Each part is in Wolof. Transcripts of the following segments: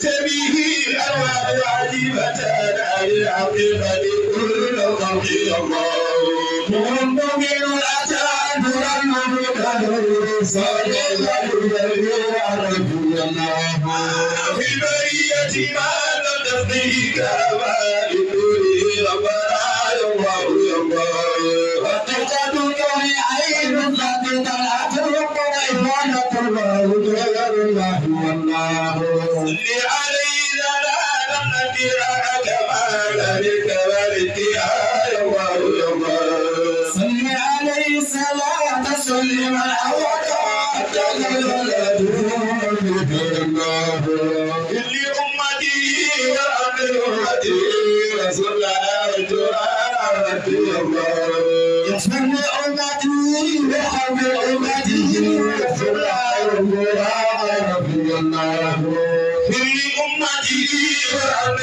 به الأرواح العجيبة عن العقيبة كل خلق الله مؤمن أتى نورا نورك نور صالح الذين عرفوا الله في برية ما لم تفضيه كأباء نوره وبراء الله الله حقيقة عين الله غير الله والله صل علي لا نقدر كما ذلك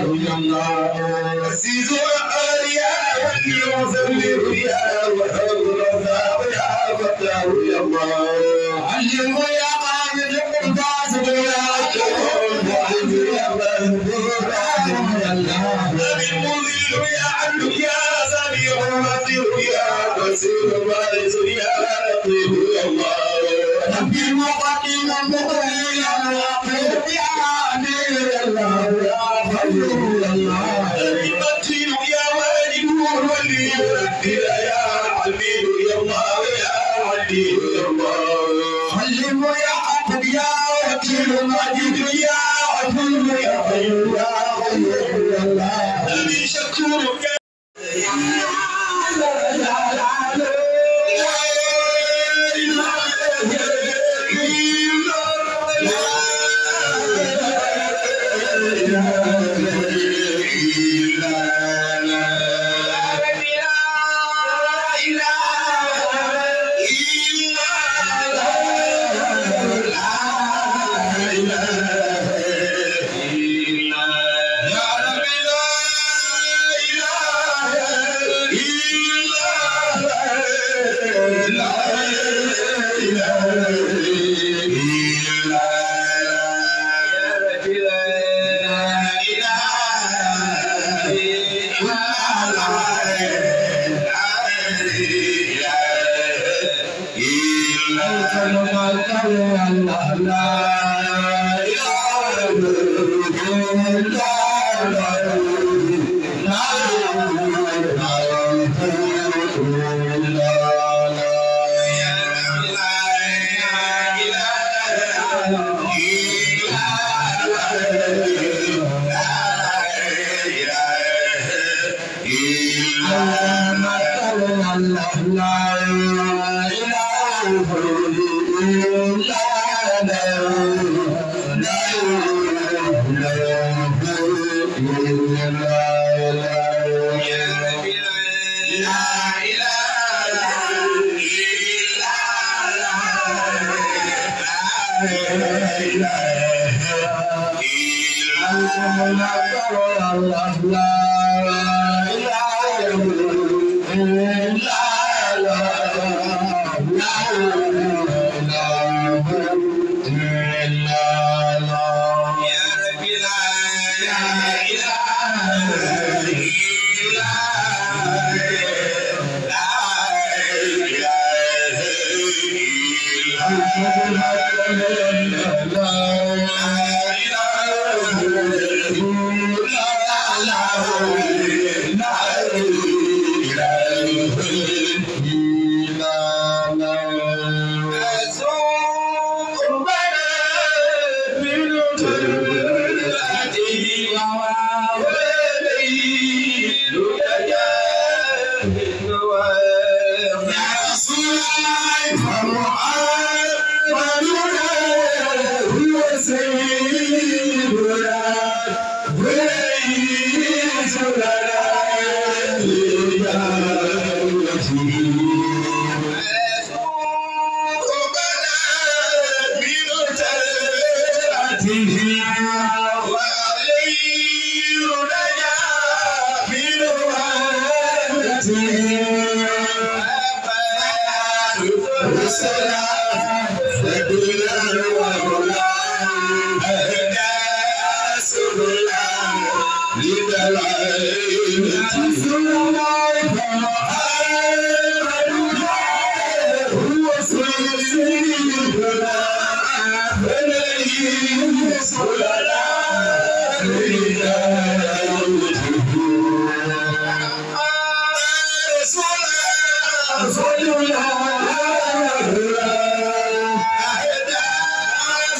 يا الله أسيد وقاريا والمزمر يا وحرزا ويا فتاه يا الله علم يا قامد القرطاس ويا قامد يا منذور يا الله المذل يا عبدك يا سميع مصير يا بصير بارز يا لطيف يا الله ربي المقدم المقيم you. la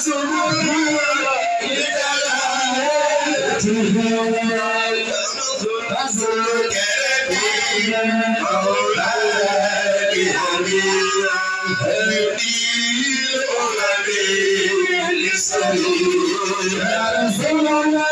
يا رسول الله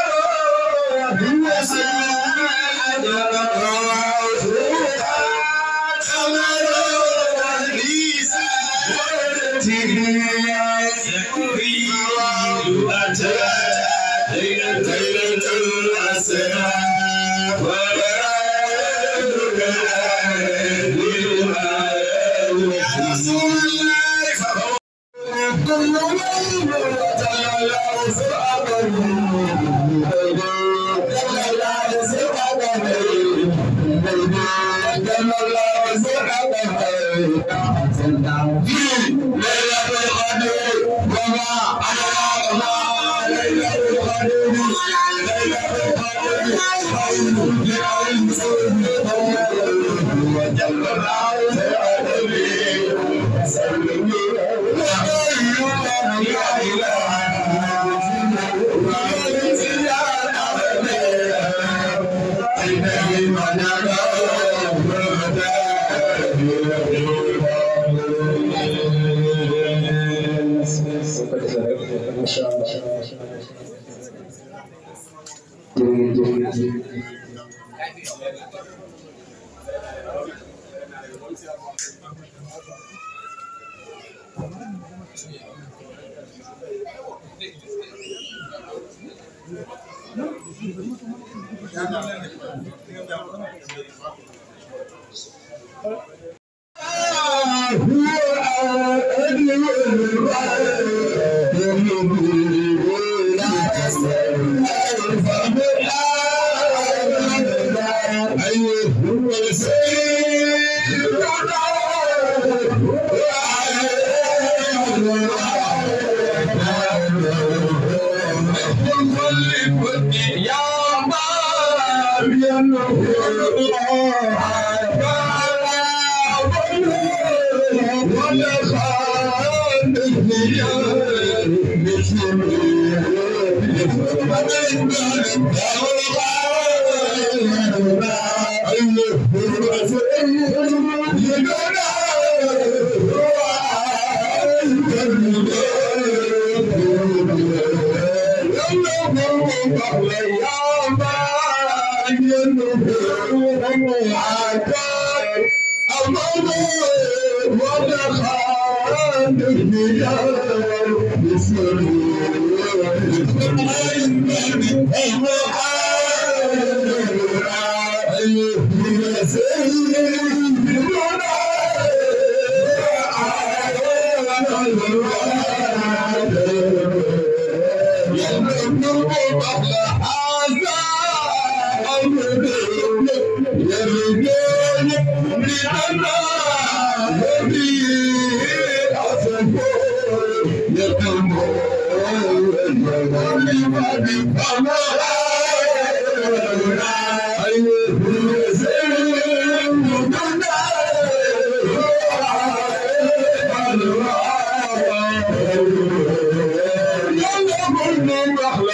Ya Maryam, I'm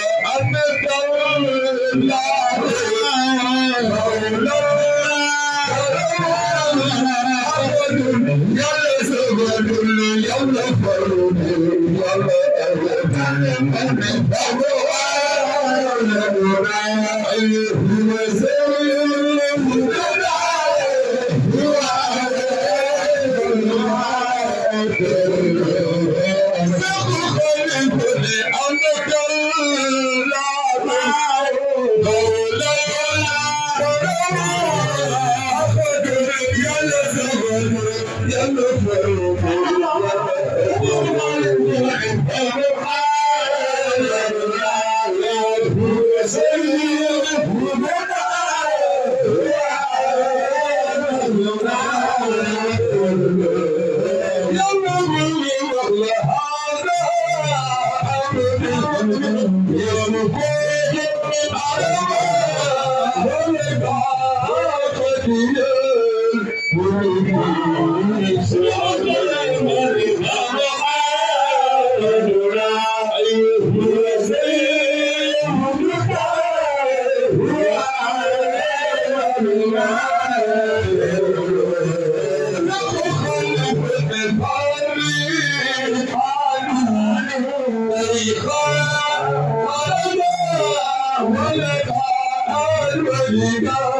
मल बला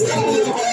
Yes.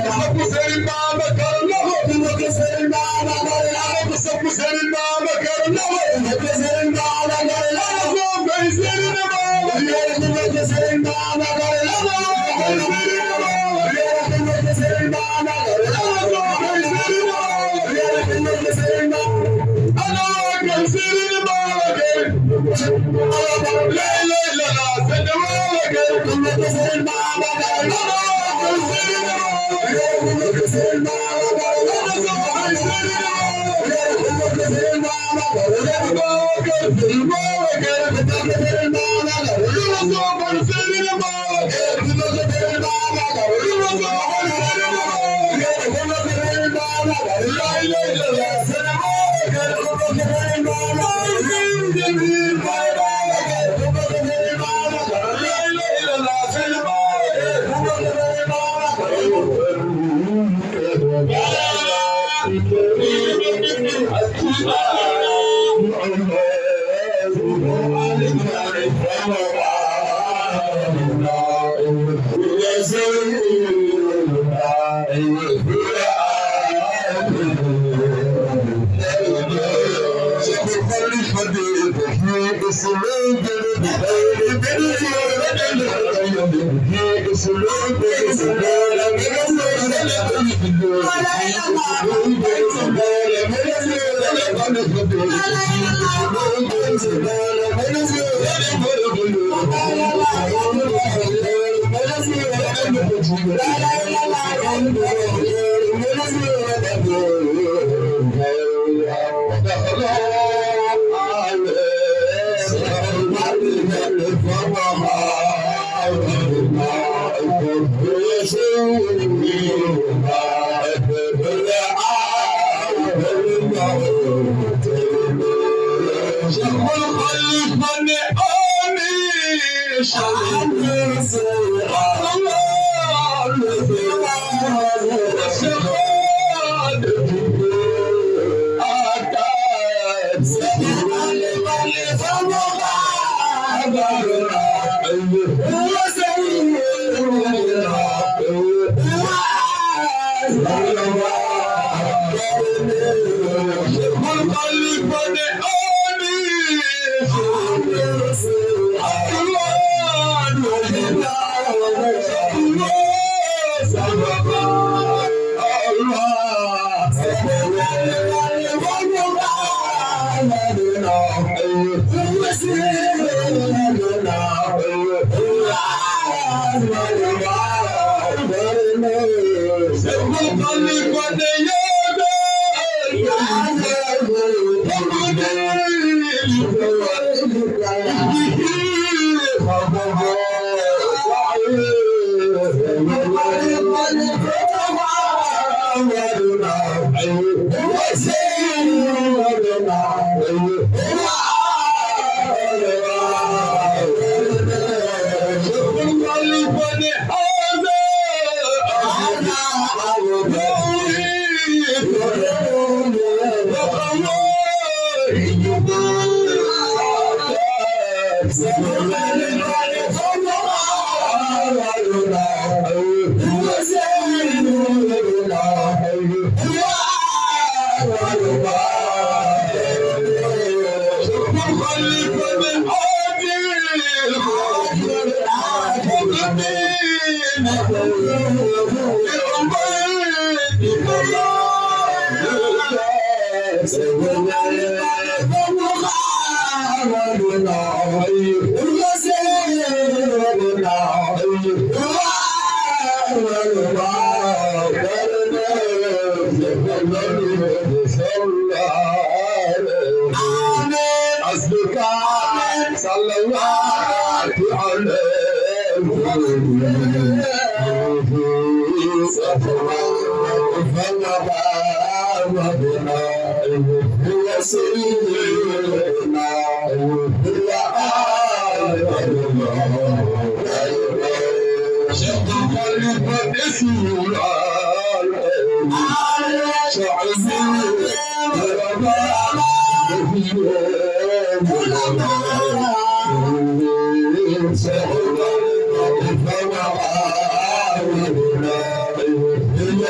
सिंधी पा palabra Shall we Yes.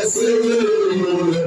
I the Lord.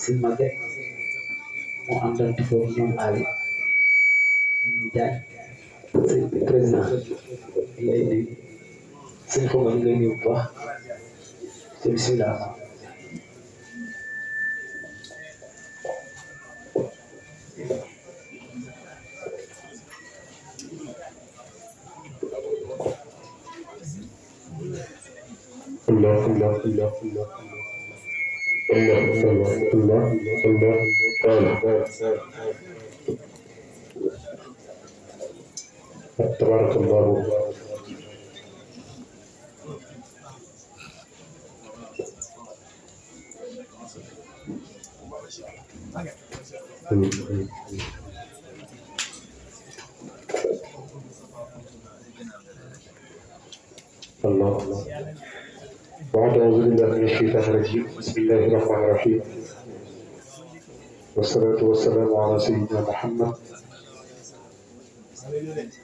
si Maguette mu àndal foofu ñoom Aliou ñu jaay sëñ bi président lay nuyu sëñ Fongba ñu ngi lay nuyu bu baax te bisimilah. Allah Allah Allah Allah الله الله الله الله الله تبارك الله الله الله بعد أعوذ بالله من الشيطان الرجيم بسم الله الرحمن الرحيم والصلاة والسلام على سيدنا محمد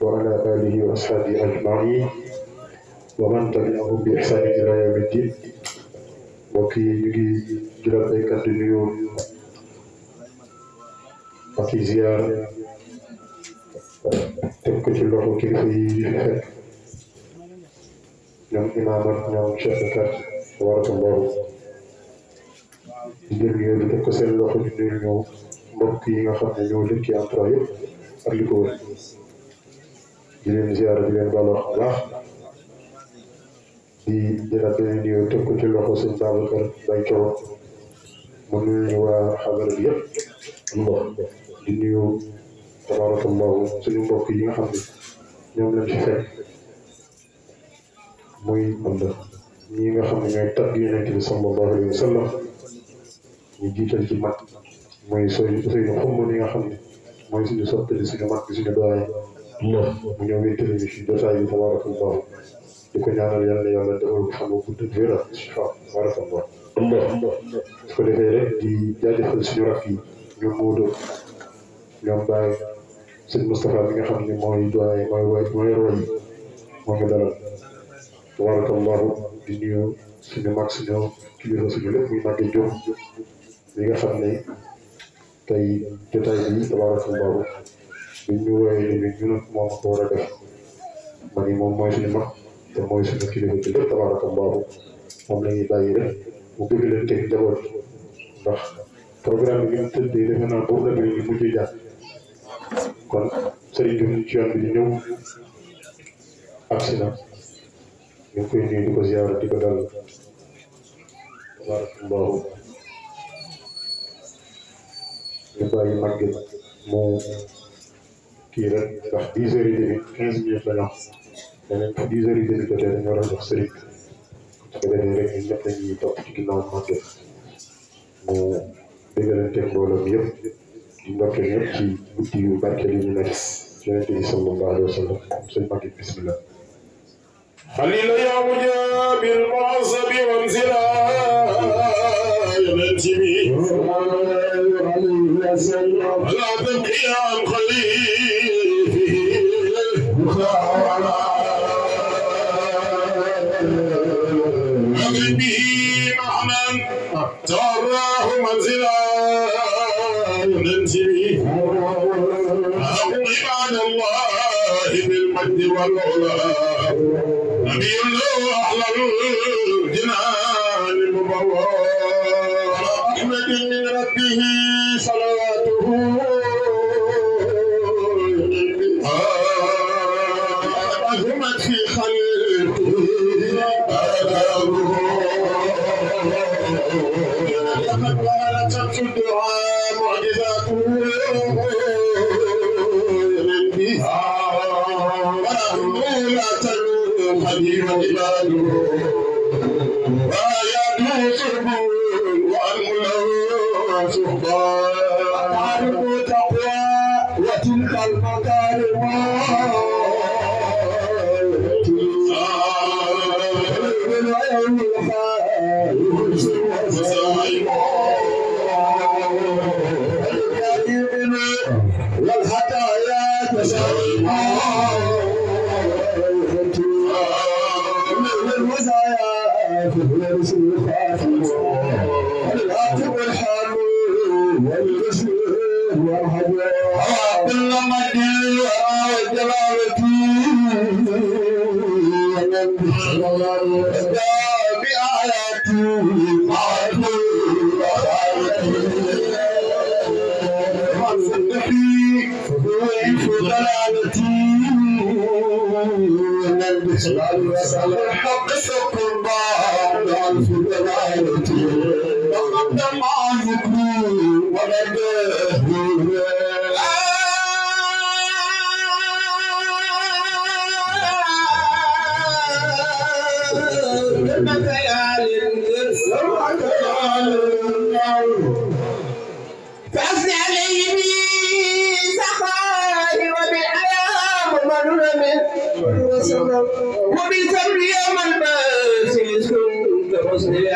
وعلى آله وأصحابه أجمعين ومن تبعهم بإحسان إلى يوم الدين وكي يجي جلب أي كتنيو وكي زيارة تبكت الله كيف يجي ñoom imaamat ñoom chef de quartier waratu mboolu di jël ko seen loxo di nuyu ñëw mbokk yi nga xam ne ñoo dëkk ci Entra yëpp ak li ko wër di leen baax di jëlaat beneen nuyoo teg ko ci loxo sëñ Babacar Mbaye Thioro mu nuyu waa xabara bi yëpp mbokk di nuyu tabaraka mbaaw suñu mbokk yi nga xam ne ñoom lañ fi fekk muy ëllëg ñi nga xam ne ñooy tagg yonent bi sallallahu alayhi wa sallam ñu jiital ci mag mooy sooy suñu xumb nga xam ne mooy suñu sottali suñu mag bi suñu doyen moom mu ñëw wéttali ñu si jotaay bi tabarakallah di ko ñaanal yàlla yàlla defal a xam bu dëgg wéral sifa tabarakallah su ko defee rek di jaajëfal nga xam ne mooy doyen mooy mooy roy moo ngi dalal tabarakallahu di nuyu suñu mag suñu kilifa suñu lépp muy màgge Diop li nga xam ne tey jotaay bi tabarakallahu bi ñu wooyee ni ñu moom ko war a def ma ni moom mooy suñu mag te mooy suñu kilifa ci lépp tabarakallahu moom la ñuy rek mu bëgg leen teg njaboot ndax programme bi ñu tëddee defe naa boobu la ñu mujjee jàpp kon sëriñ bi ñu ci yoon bi di ñëw agsi na ñu ngi koy nuyu di ko ziar di ko dal tabarakallahu ñu bàyyi màgget mu kii rek ndax dix heures et demi quinze la ñu wax leneen bu dix heures et demi jotee dañu war a jox sëriñ su ko defee rek ñun ñëpp dañuy topp ci mu déggalante mbooloo mi di ndokkee ñëpp ci yu barke li ñu nekk yonent bi sallallahu alayhi wa sallam sëñ خليل يا مجاب المعصب وانزلا يا نجمي لا تبكي عن خليفه أغرب به معنى تراه منزلا يا نجمي أقم عن الله بالمجد والعلا نبي الله I'm you so good? One more love, لم يمن باسل سوق مسلم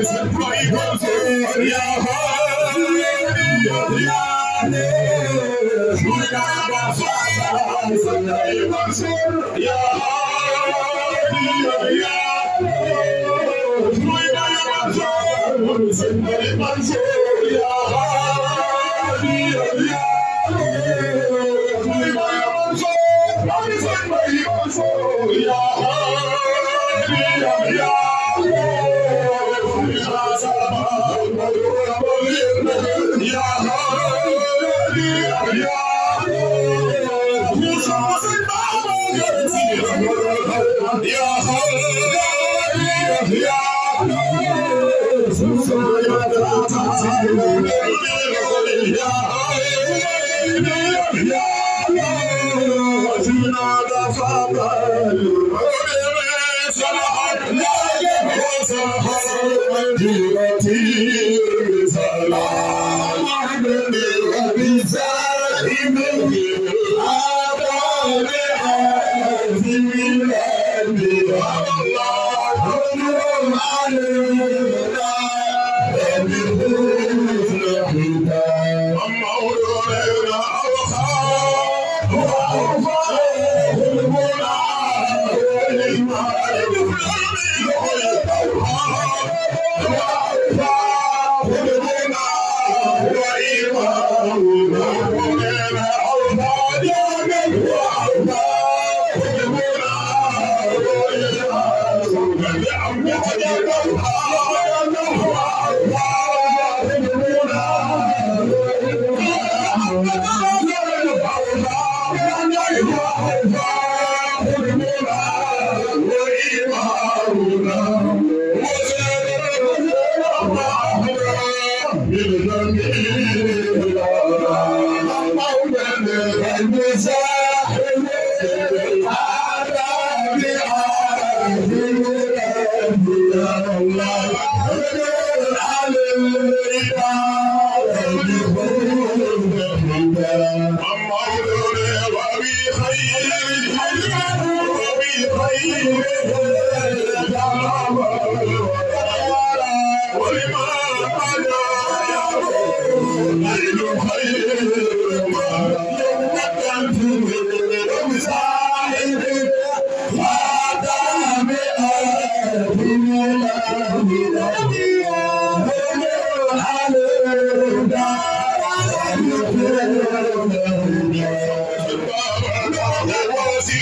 as the party goes on. Yeah, yeah, Join our bonfires and they was on. Yeah, yeah, Join our bonfires and they was on. Yeah.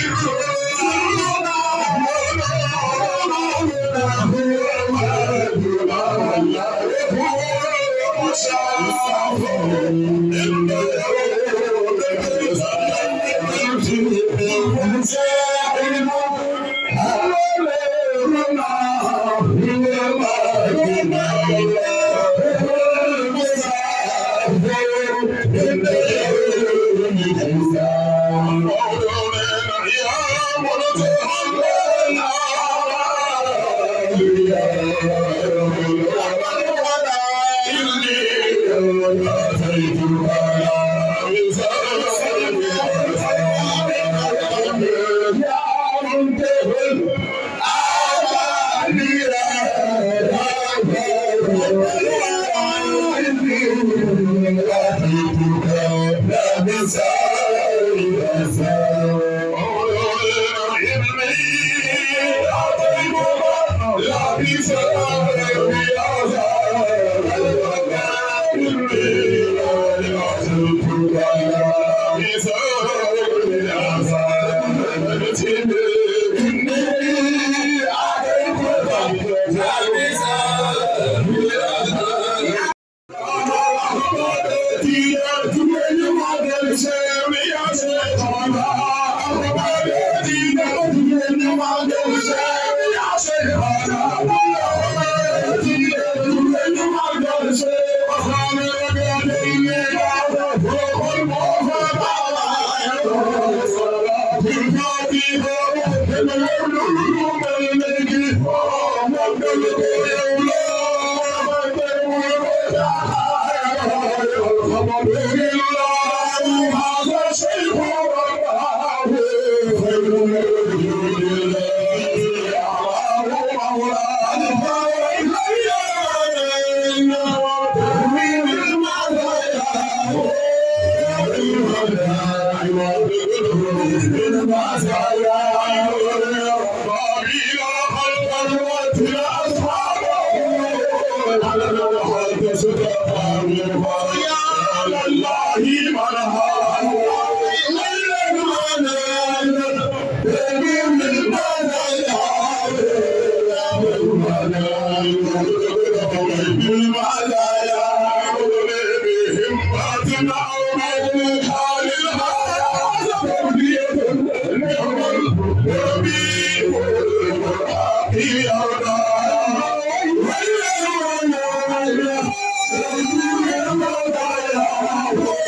Oh, Crazy. Woo!